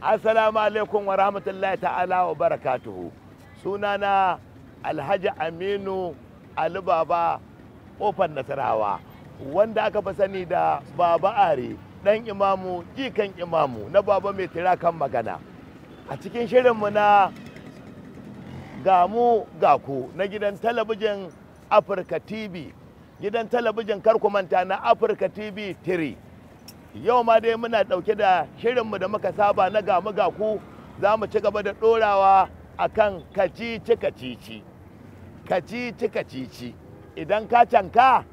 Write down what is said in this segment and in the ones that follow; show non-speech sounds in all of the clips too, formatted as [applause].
assalamu alaikum wa rahmatullahi ta'ala wa barakatuhu sunana alhaji aminu ali baba kofar nasarawa wanda aka fi sani da baba ari ɗan imamu jikan imamu na baba mai tira kan magana a cikin shirinmu na gamu gaku na gidan talabijin afirka tv gidan talabijin manta na afirka tv 3 yau ma dai muna ɗauke da shirinmu da muka saba na gamu ga ku za mu ci gaba da ɗorawa a kan kacici kacici kacici kacici idan ka canka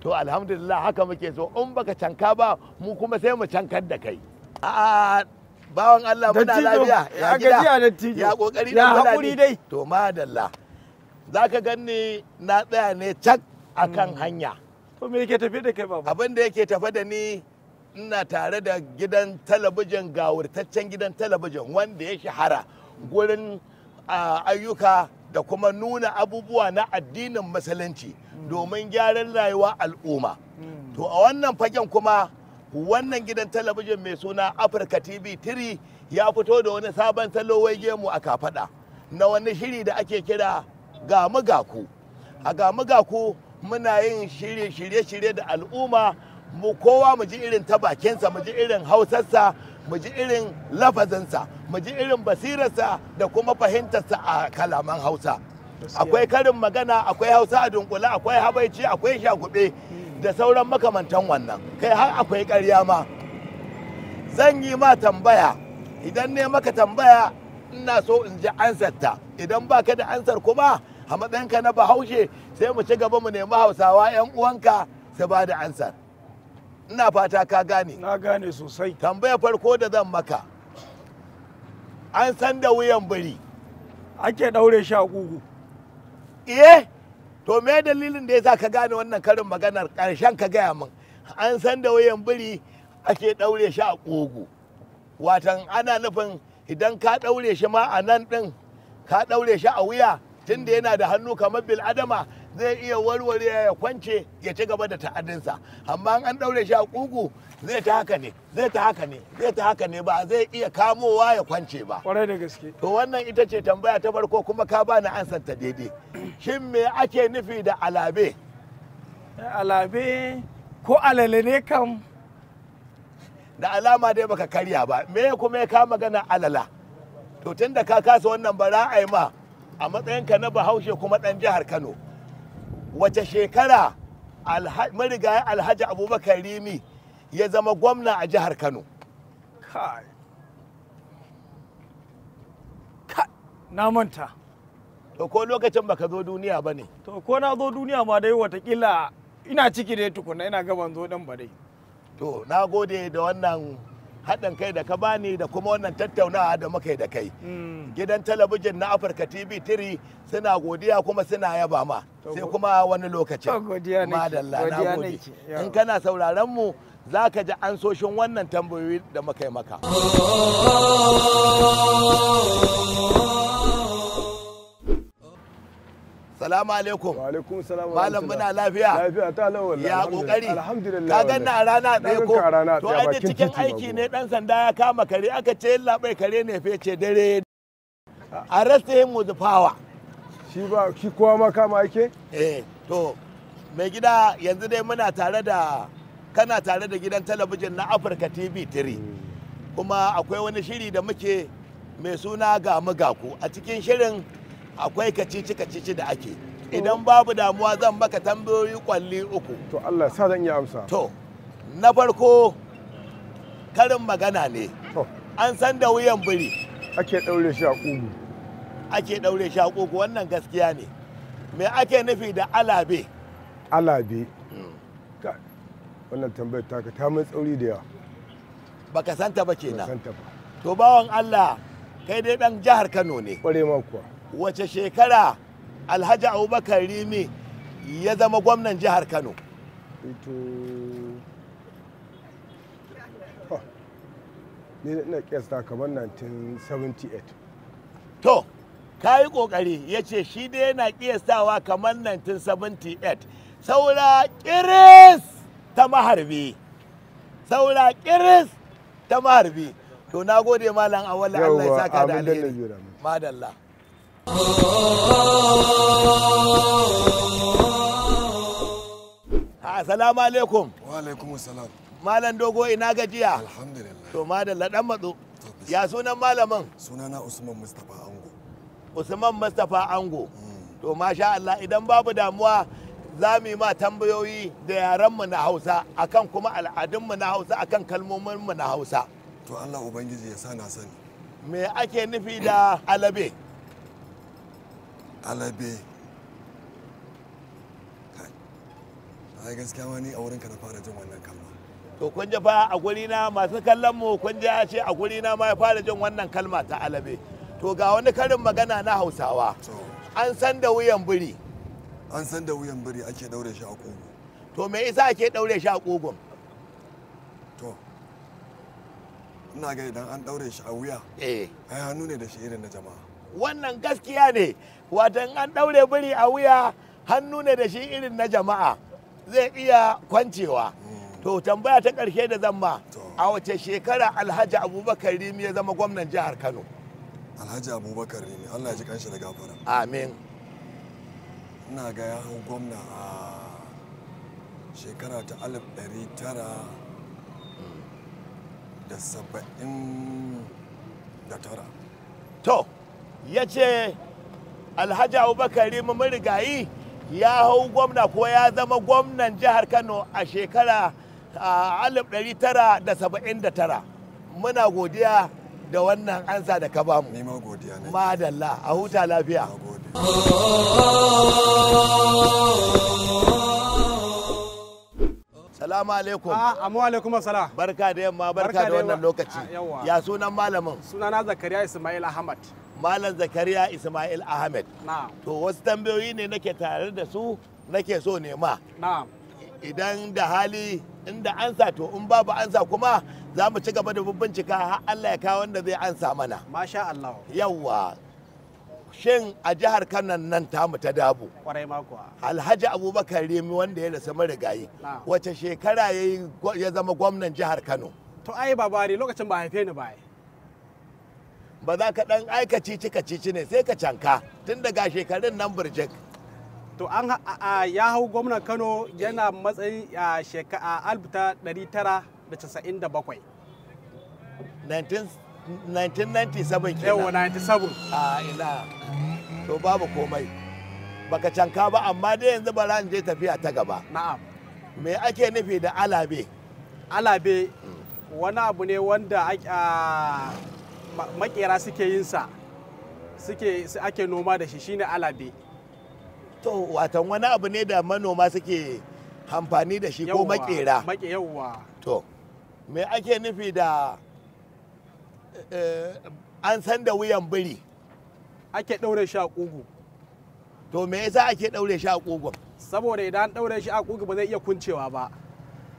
to alhamdulillah haka muke so in baka canka ba mu kuma sai mu cankar da kai bawan Allah muna lafiya ya gida ya kokari da hakuri dai to madalla zaka ganni na tsaya ne cak akan mm. hanya to me yake tafe da kai baba abin da yake tafi da ni ina tare da gidan talabijin gawurtaccen gidan talabijin wanda ya shahara gurin ayyuka da kuma nuna abubuwa na addinin musulunci domin gyaran rayuwa al'umma to a wannan fagen kuma wannan gidan talabijin mai suna Afirka tv 3 ya fito da wani sabon salo wai gemu a kafada na wani shiri da ake kira gamu gaku a gamu gaku muna yin shirye-shirye da al'umma mu kowa mu ji irin ta bakinsa mu ji irin hausarsa mu ji irin lafazinsa mu ji irin basirarsa da kuma fahimtarsa a kalaman hausa akwai karin magana akwai hausa a dunkula akwai habaici akwai shagube hmm. da sauran makamantan wannan kai har akwai karya ma zan yi ma tambaya idan ne maka tambaya ina so in ji ansarta idan ba ka da ansar kuma a matsayinka na bahaushe sai mu ci gaba mu nemi hausawa 'yan uwanka su ba da ansar ina fata ka gane na gane sosai tambaya farko da zan maka an san da wuyan biri ake daure shi a gugu iye eh, to me dalilin da ya yasa ka gane wannan karin maganar karshen ka gaya min an san da wuyan biri ake daure shi a ugu watan ana nufin idan ka daure shi ma a nan din ka daure shi a wuya tun da yana da hannu kamar bil adama zai iya warware ya kwance ya ci gaba da ta'adinsa amma an ɗaure shi a kugu zai ta haka ne zai ta haka ne zai ta haka ne ba zai iya kamowa ya kwance ba kwarai da gaske to wannan ita ce tambaya ta farko kuma ka bani ansar ta daidai shin me ake nufi da alabe alabe ko alale ne kam da alama dai baka karya ba me kuma ya kama gana alala to tunda ka kasa wannan bara ai ma a matsayinka na bahaushe kuma ɗan jihar kano wace shekara marigayi alhaji abubakar rimi ya zama gwamna a jihar kano na manta to ko lokacin baka zo duniya ba ne to ko na zo duniya ma dai watakila ina ciki dai tukuna ina gaban zo dan ba dai to na gode da wannan haɗin kai da ka bani da kuma wannan tattaunawa da muka yi da kai mm. gidan talabijin na afirka tv 3 suna godiya kuma suna yaba ma sai kuma wani lokacin madalla na gode in kana sauraron mu za ka ji ansoshin wannan tambayoyi da muka yi maka [laughs] Salamu alaikum. Wa alaikum salam. Malam muna lafiya. Lafiya ta lawa wallahi. Ya kokari. Alhamdulillah. Ka ganna a rana ɗaya ko. To an cikin aiki ne dan sanda ya kama kare aka ce yalla bai kare ne fece dare. Arrest him with power. Shi ba shi kowa ma kama yake? Eh to mai gida yanzu dai muna tare da kana tare da gidan talabijin na Africa TV 3. Kuma akwai wani shiri da muke mai suna ga ku a cikin shirin akwai kacici kacici da ake idan babu damuwa zan maka tambayoyi kwalli uku to Allah sa zan iya amsa to na farko karin magana ne to an san da wuyan biri ake daure shi a kugu ake daure shi a kugu wannan gaskiya ne me ake nufi da alabe alabe hmm. wannan tambayar taka ta mai tsauri da yawa baka santa ba kenan santa ba to bawan Allah kai dai dan jihar Kano ne kware ma kuwa wace shekara alhaji abubakar rimi ya zama gwamnan jihar kano ni na kesta kamar 1978 to ka yi kokari ya ce shi dai yana kiyastawa kamar 1978 saura kiris ta maharbi saura kiris ta maharbi to na gode malam awalla Allah ya saka da alheri madalla Assalamu alaikum. Wa alaikum salam. Malam Dogo ina gajiya. Alhamdulillah. To madalla dan matso. Ya sunan malamin? Sunana Usman Mustapha Ango. Usman Mustapha Ango. Mm. To masha Allah idan babu damuwa za mu yi ma tambayoyi da mu na Hausa akan kuma al'adunmu na Hausa akan kalmominmu na Hausa. To Allah Ubangiji ya sa na sani. Me ake nufi da alabe? alabe ai gaskiya wani a wurinka na fara jin wannan kalma to kun ji fa a guri na masu kallon mu kun ji a ce a guri na ma ya fara jin wannan kalma ta alabe to ga wani karin magana na hausawa an san da wuyan biri an san da wuyan biri ake daure shi a kogo to me yasa ake daure shi a kogon to ina ga idan an daure shi a wuya eh ai hannu ne da shi irin na jama'a wannan gaskiya ne watan an ɗaure biri a wuya hannu ne da shi irin na jama'a zai iya kwancewa to tambaya ta ƙarshe da zan ma a wace shekara alhaji abubakar rimi ya zama gwamnan jihar kano alhaji abubakar rimi allah ji kanshi da gafara amin ina ga ya hau gwamna a shekara ta alif ɗari tara da saba'in da tara to ya ce alhaji abubakar marigayi ya hau gwamna ko ya zama gwamnan jihar kano a shekara 1979 muna godiya da wannan ansa da ka bamu madalla a huta lafiya Salamu alaikum. Ah, Amu alaikum asala. Barka da yamma, barka da wannan lokaci. Ah, ya sunan malamin. Sunana Zakariya Ismail Ahmad. Malam Zakariya Ismail Ahmed. To wasu tambayoyi ne nake tare da su nake so nema. Idan da hali inda ansa to in babu ansa kuma za mu ci gaba da bincika har Allah ya kawo wanda zai ansa mana. Masha Allah. Yawwa. Shin a jihar kano nan tamu ta dabu. Kwarai Alhaji Abubakar Remi wanda ya rasu marigayi. Wace shekara ya zama gwamnan jihar Kano? To ai babari lokacin ba haife ni ba. ba za ka dan aika cici ka cici ne sai ka canka tun daga shekarun nan burjik to an ya hau gwamnan kano yana matsayin a shekara albuta 1997 to babu komai baka canka ba amma dai yanzu ba ran je tafiya ta gaba na'am me ake nufi da alabe alabe wani abu ne wanda a makera suke yin sa suke ake noma da shi shine alabe to watan wani abu ne da manoma suke amfani da shi ko makera yawwa to me ake nufi da eh, an san da wuyan biri ake ɗaure shi a kugu to me yasa ake ɗaure shi a kugu saboda idan ɗaure shi a kugu ba zai iya kuncewa ba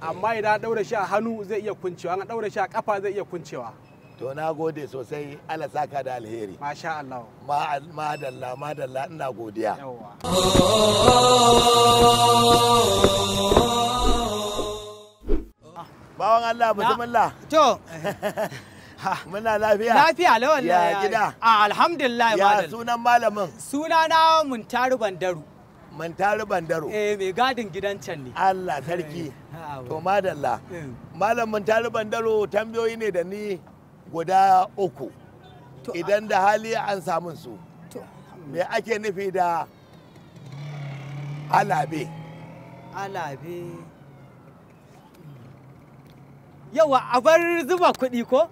amma idan ɗaure shi a hannu zai iya kuncewa an ɗaure shi a kafa zai iya kuncewa to na gode sosai ala saka da alheri masha Allah ma dalla ina godiya bawan Allah bismillah to [laughs] Muna lafiya? Lafiya lawan Ya gida? Alhamdulillah Ya sunan malamin? Sunana Muntaru Bandaru. Muntaru Bandaro. Eh mai gadin gidan can ne. Allah sarki. Eh, to madalla. Eh. Malam Muntaru Bandaro tambayoyi ne da ni guda uku idan da hali an samun su me ake nufi da alabe alabe yawa a bar zuba kuɗi ko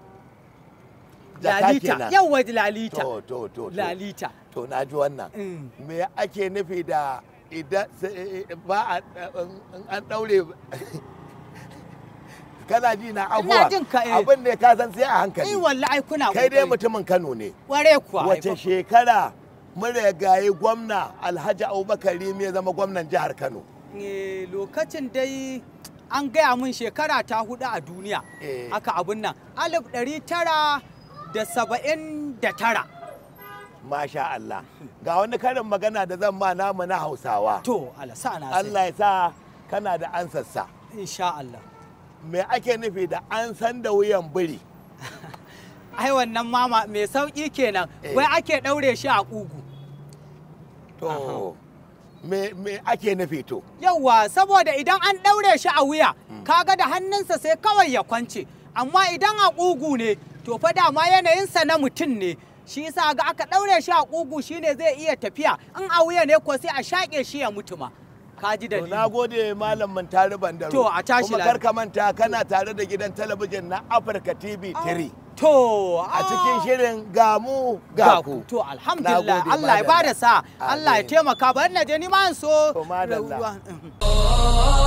lalita yawa lalita to to to lalita to na ji wannan mm. me ake nufi da idan eh, eh, ba eh, an daure kana ji na abuwa eh. abin da ka san sai a hankali kuna kai dai mutumin Kano ne ware kuwa wace shekara marigayi gwamna Alhaji Abubakar Rimi zama gwamnan jihar Kano eh, lokacin dai an gaya mun shekara ta hudu a duniya eh. aka abun nan alif ɗari tara da saba'in da tara masha Allah ga wani karin magana da zan ma namu na hausawa to Allah Allah ya sa kana da ansarsa insha Allah me ake nufi da an san da wuyan biri [laughs] ai wannan mama mai sauƙi kenan eh. wai ake ɗaure shi a ƙugu to me, ake nufi to yauwa saboda idan an ɗaure shi a wuya hmm. kaga da hannunsa sai kawai ya kwance amma idan a ƙugu ne to fa dama yanayinsa na mutum ne shi yasa ga aka ɗaure shi a ƙugu shine zai iya tafiya in a wuya ne ko sai a shaƙe shi ya mutuma. ka ji dalili na gode malam mantari bandaro to a tashi kuma kar ka manta kana tare da gidan talabijin na Africa TV 3 ah, To a cikin ah. shirin ga mu ga ku. To alhamdulillah Allah ya bada sa Allah ya taimaka bari na je ni ma so. To madalla. [laughs]